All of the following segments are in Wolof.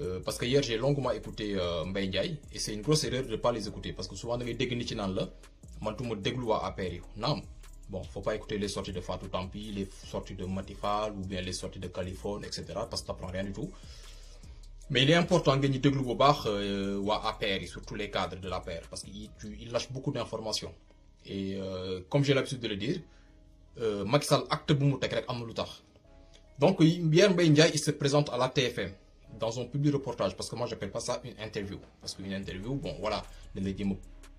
Euh, parce que hier j'ai longuement écouté euh, Mbaye Ndiaye et c'est une grosse erreur de ne pas les écouter parce que souvent da ngay dégg nit Moi tout la man à ma Non, bon faut pas écouter les sorties de Fatou Tampi les sorties de Matifal ou bien les sorties de Californe etc parce que t'apprends rien du tout mais il est important que ñu déglu bu à à APR surtout les cadres de la paire parce qu'ils il lâche beaucoup d'informations et euh, comme j'ai l'habitude de le dire euh, Macky Sall acte bu mu à rek donc hier Mbaye Ndiaye il se présente à la TFM dans un public reportage, parce que moi je j'appelle pas ça une interview. Parce qu'une interview, bon voilà, da ngay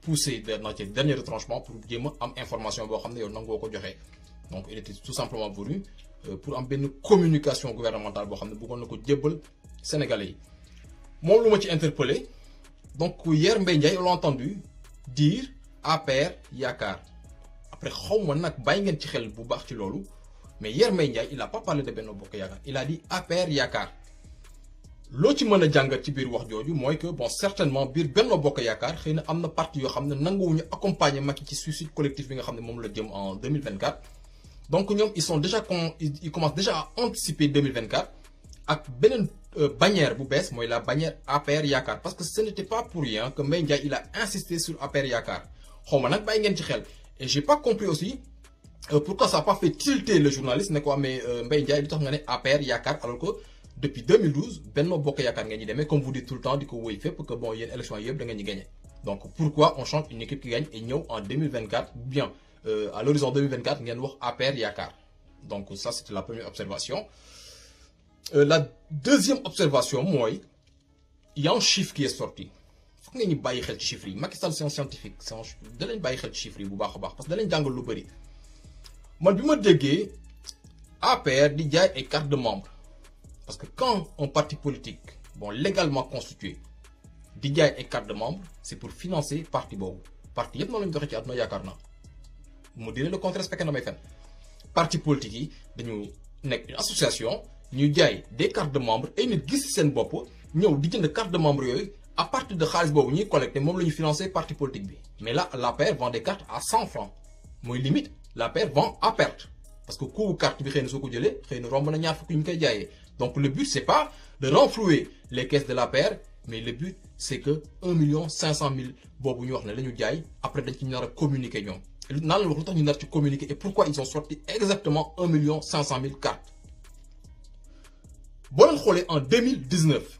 pousser dans notre dernier retranchement pour que a am information donc il était tout simplement euh, pour une communication gouvernementale Pour xam ne bëggoon na Sénégalais moi interpellé donc hier il Ndiaye on l'a entendu dire Aper Yakar après je ma nag ngeen ci xel bu mais hier il n'a pas parlé de Benno Bokk il a dit Aper Yakar L'autre ci mën a ci biir wax jooju moy que bon certainement bir Benno Bokk yakar xeyna amna parti yo xamne nangouñu accompagner Macky ci suicide collectif bi nga xamne mom la jëm en 2024 donc ñom ils sont déjà con ils commencent déjà à anticiper 2024 ak beneen euh, bannière bu bees moy la bannière APR yakar parce que ce n'était pas pour rien que Mbaye il a insisté sur APR yakar xoma nak bay ngeen ci xel et j'ai pas compris aussi euh, pourquoi ça a pas fait tilter le journaliste ne quoi, mais euh, Mbaye Ndiaye li tax nga né APR yakar alors que depuis 2012 Benno Bokk yakar ngeen ñi mais comme vous dites tout le temps diko woy fep que bon yéen élection yëpp da nga ñi gagné donc pourquoi on change une équipe qui gagne et ñëw en 2024 bien euh, à l'horizon 2024 ngeen wax APR Yakar. donc ça c'était la première observation euh, la deuxième observation il y a un chiffre qui est sorti faut ngeen ñu vous xel ci chiffres yi Macky Sall c'est un scientifique c'est un danañ bàyyi xel ci chiffres yi bu baax baax parce que lañ jàngal lu bëri man bima je APR di jaay ay carte de membre parce que quand un parti politique, bon, légalement constitué, dégage une carte de membre c'est pour financer parti parti le contraire parti politique une association des cartes de membres et nous sen carte de membre à partir de la carte de financer parti politique mais là la paire vend des cartes à 100 francs la limite la paire vend à perte parce que quand carte donc le but, c'est pas de renflouer les caisses de la paire, mais le but, c'est que 1 500 000 bobo après dañ communiquer et pourquoi ils ont sorti exactement 1 500 000 cartes On en 2019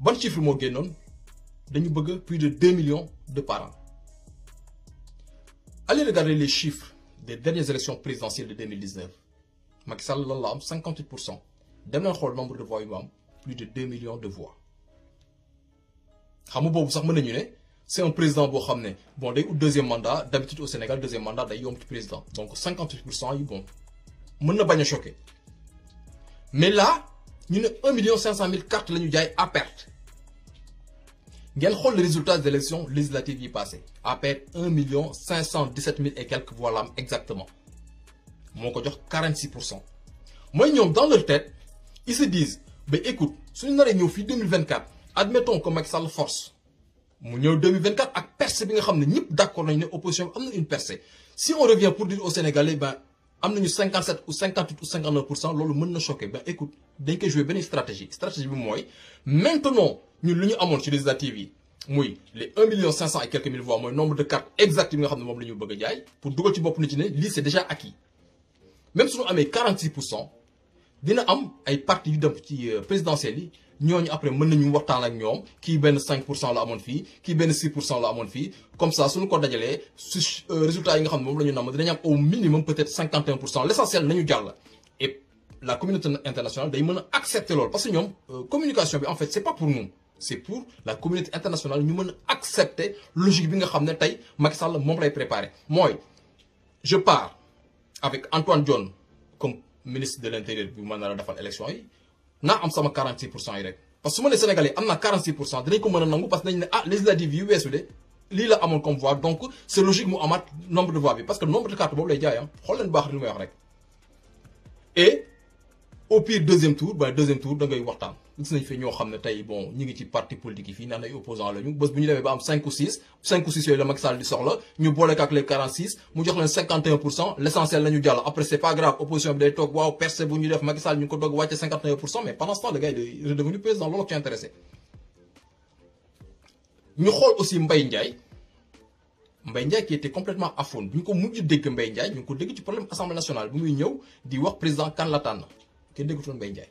Bon chiffre dañu plus de 2 millions de parents. allez regarder les chiffres des dernières élections présidentielles de 2019 Macky Sall 58 Demain, nombre de voix plus de 2 millions de voix xam nga sax un président qui a bon deuxième mandat d'habitude au Sénégal deuxième mandat y président donc 58 est bon Je na suis choqué mais là ñu a 1 500 000 cartes à perte Regardez le résultat des élections législatives est passé à perte 1 517 000 et quelques voix exactement moko jox 46 pour dans leur tête ils se disent ben écoute suñu 2024 admettons que Macky Sall force mu ñeu 2024 ak percée bi nga opposition une percée si on revient pour dire aux Sénégalais ben 57 ou 58 ou 59 pour cent ben écoute dañ stratégie stratégie maintenant ñun luñu amone les TV, les 1 million 500 et quelques mille voix nombre de cartes exactes pour déjà acquis même si on 46 mis y dina am ay parti yu petit euh, présidentiel. après mën nañu waxtaan ak ñoom Qui 5 à mon la qui fii 6 à mon la comme ça nous ko dajalee le euh, résultat yi nga xam au minimum peut-être 51 L'essentiel, c'est l' et la communauté internationale day accepter l'or. parce que la euh, communication en fait ce n'est pas pour nous C'est pour la communauté internationale Nous avons accepté la logique que nga avons ne Moi, Macky Sall moom je pars avec Antoine John comme ministre de l'Intérieur pour mener nous la 46 parce que les les Sénégalais ont 46 pour parce que les ah législative yi comme voix donc c'est logique logique mu le nombre de voix parce que le nombre de cartes c'est lay jaay am ah. et au pire deuxième tour ben, deuxième tour da ngay nous avons fi ñoo xam ne bon ngi parti politique yi fii naan ay opposant la ñu 5 ou 6 5 ou 6 c'est le Macky Sall di soxla ñu boole ak les 46 mu jox leen 51 l'essentiel cent l' après c'est n'est pas grave opposition bi day toog waaw percé bu def Macky Sall ñu ko 51 mais pendant ce temps le gars il est redevenu président loolu qui intéressé ñu xool aussi Mbaye Ndiaye Mbaye Ndiaye qui était complètement aphone bu ñu ko mujj dégg Mbaye Ndiaye ñu ngi ko dégg ci problème assemblée nationale bu muy dit que le président kan la tànn kenn Mbaye Ndiaye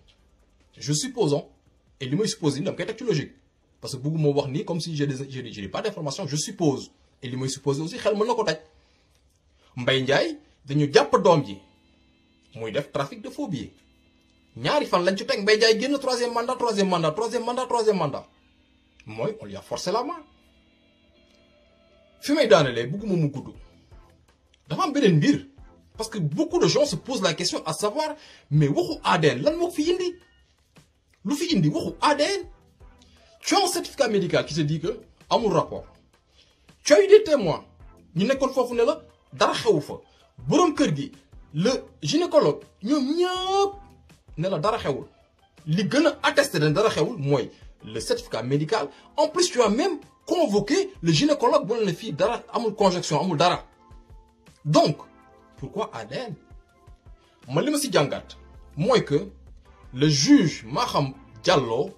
je supposons et lui me suppose, nii dama koy logique parce que beaucoup m'ont nii comme si j'ai des pas d'information je suppose et lui may suppose aussi xel mën na pas taj Mbaye Ndiaye dañu jàpp doom ji def trafic de faux billets ñaari fan lañ ci teg Mbaye Ndiaye génn troisième mandat troisième mandat troisième mandat troisième mandat Moi, on lui a forcé la main les beaucoup daanelee bëgguma mu gudd dafa am beneen parce que beaucoup de gens se posent la question à savoir mais waxu ADN lan moo fi indi lu fi indi waxu ADN tu as un certificat médical qui se dit que amul rapport tu as eu des témoins ñu nekkoon fofu ne la dara xewu fa Borom kër gi le gynécologue ñom ñop ne la dara xewul li gën attester attesté dara xewul moy le certificat médical en plus tu as même convoqué le gynécologue bu ne fii dara amul conjonction amul dara donc pourquoi ADN man li ma si jàngat que le juge Maham Diallo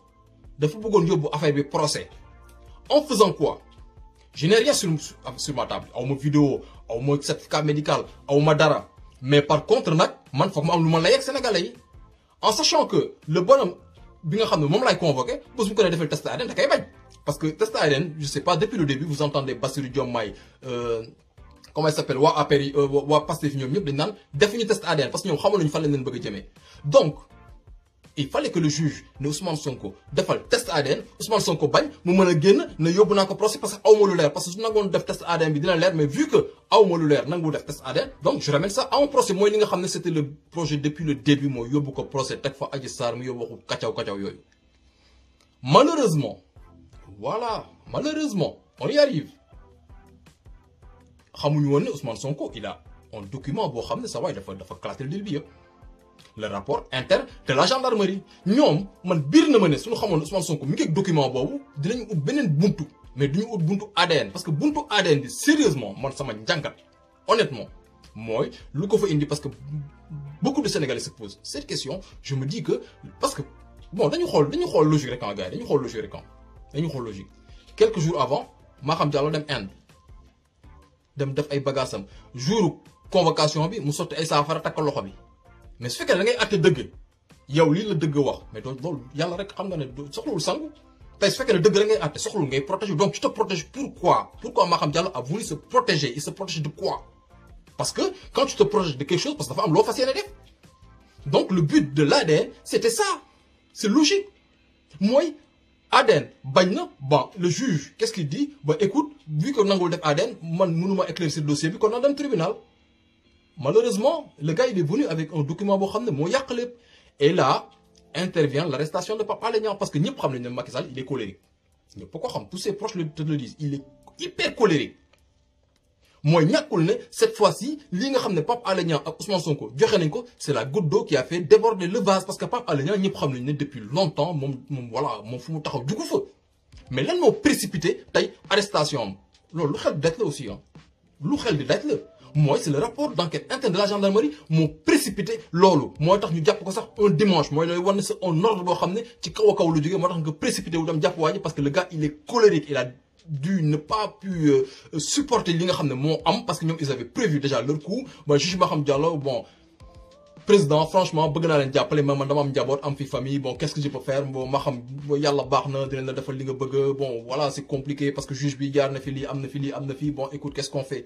dafa bëggoon yóbbu affaire bi procès en faisant quoi je n'ai rien sur sur ma table au ma vidéo au mon certificat médical au ma dara mais par contre nag man foog ma am lu ma sénégalais yi en sachant que le bonhomme bi nga xam ne moom convoqué bés bu ko nee defee test ADN da koy bañ parce que test ADN je sais pas depuis le début vous entendez Bassirou Diomaye euh, comment il s'appelle waa APR yi euh, waa Pastef ñoom ñëpp dañ naan defuñu test ADN parce que ñoom xamuñu fan lañ leen bëgg a jëmee donc il fallait que le juge ne Ousmane Sonko défal test ADN Ousmane Sonko bañ mu meuna a génn ne yóbbu ko procès parce que aw lu leer parce que su nangoon def test ADN bi dina leer mais vu que aw lu leer nangou def test ADN donc je ramène ça à un procès moi li nga xamné c'était le projet depuis le début mooy yobou ko procès teg fa aji sar mu yobou waxu kacaw kacaw yoy malheureusement voilà malheureusement on y arrive xamuñu won Ousmane Sonko il a un document bo xamné ça va il dafa dafa classé le deal hein. bi le rapport interne de la gendarmerie ñoom man bir na ma ne suñu xamoon Ousmane Sonko mi ngi document boobu dinañu ut benen buntu mais duñu ut buntu ADN parce que buntu ADN sérieusement man sama njàngat honnêtement moi lu ko fa indi parce que beaucoup de Sénégalais se posent cette question je me dis que parce que bon dañu xol dañu xol logique rek ah gars dañu xol logique rek ah. dañu xol logique quelques jours avant Maham Diallo dem Inde dem def ay bagages jour convocation bi mu sotti ay saafara tak loxo bi mais ce que da ngay àtte dëgg yow lii la dëgg wax mais donc loolu yàlla rek xam nga ne soxlawul sangu tey su fekkee ne dëgg rek ngay àtte soxlawul ngay protéger donc tu te protèges pourquoi pourquoi maa Diallo a voulu se protéger il se protège de quoi parce que quand tu te protèges de quelque chose parce que dafa am loo fas def donc le but de l'ADN c'était ça c'est logique Moi, Aden, bañ le juge qu'est-ce qu'il dit bah, écoute vu que nangul def nous man mënuma éclaircir dossier bi a dans le tribunal Malheureusement, le gars, il est venu avec un document Et là, intervient l'arrestation de Papa Lénian. Parce que ni problème, Macky Sall, il est colérique. pourquoi Tous ses proches te le disent. Il est hyper colérique. Moi, cette fois-ci, ce que Papa Alignan et Ousmane Sonko, c'est la goutte d'eau qui a fait déborder le vase. Parce que Papa Ny il problème depuis longtemps. voilà, mon, voilà, mon du coup, Mais là, nous précipité, taille, arrestation. Non, de d'être aussi. Hein. de d'être moi c'est le rapport d'enquête interne de la gendarmerie m'ont précipité loolu moi tax ñu japp ko sax un dimanche moi looy wan ce c'est un ordre bo xamné ci kaw kaw lu jógee motax nga précipité wu dem japp waa parce que le gars il est colérique il a dû ne pas pu euh, supporter li nga xamné mo am parce que ñom ils avaient prévu déjà leur coup moi juge xam Diallo bon président franchement bëgg na leen jappalé man man dama am njaboot am fi famille bon qu'est-ce que je peux faire bon ma xam yàlla baax na de la defal li nga bëgg bon voilà c'est compliqué parce que juge bi jaar na fi li am na fi li am na fi bon écoute qu'est-ce qu'on fait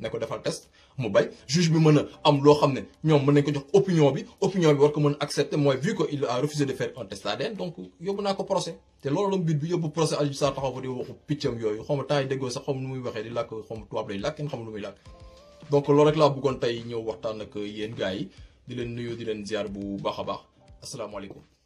ne ko test mu bay juge bi meuna am lo xamne ñom meun nañ ko jox opinion bi opinion bi war ko mën accepter moy vu que il a refusé de faire un test ADN donc yobuna ko procès té loolu la mbir bi yobu procès Adji Sarr taxaw fa di waxu piccam yoyu xom taay deggo sax xom numuy waxe di làkk xom ma tubaab lay làkk kenn xamul nu donc lool rek laa bëggoon tay ñëw waxtaan ak yeen gaay di leen nuyu di leen ziar bu baax a baax asalaamaaleykum